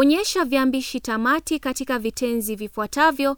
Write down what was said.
Onyesha viambishi tamati katika vitenzi vifuatavyo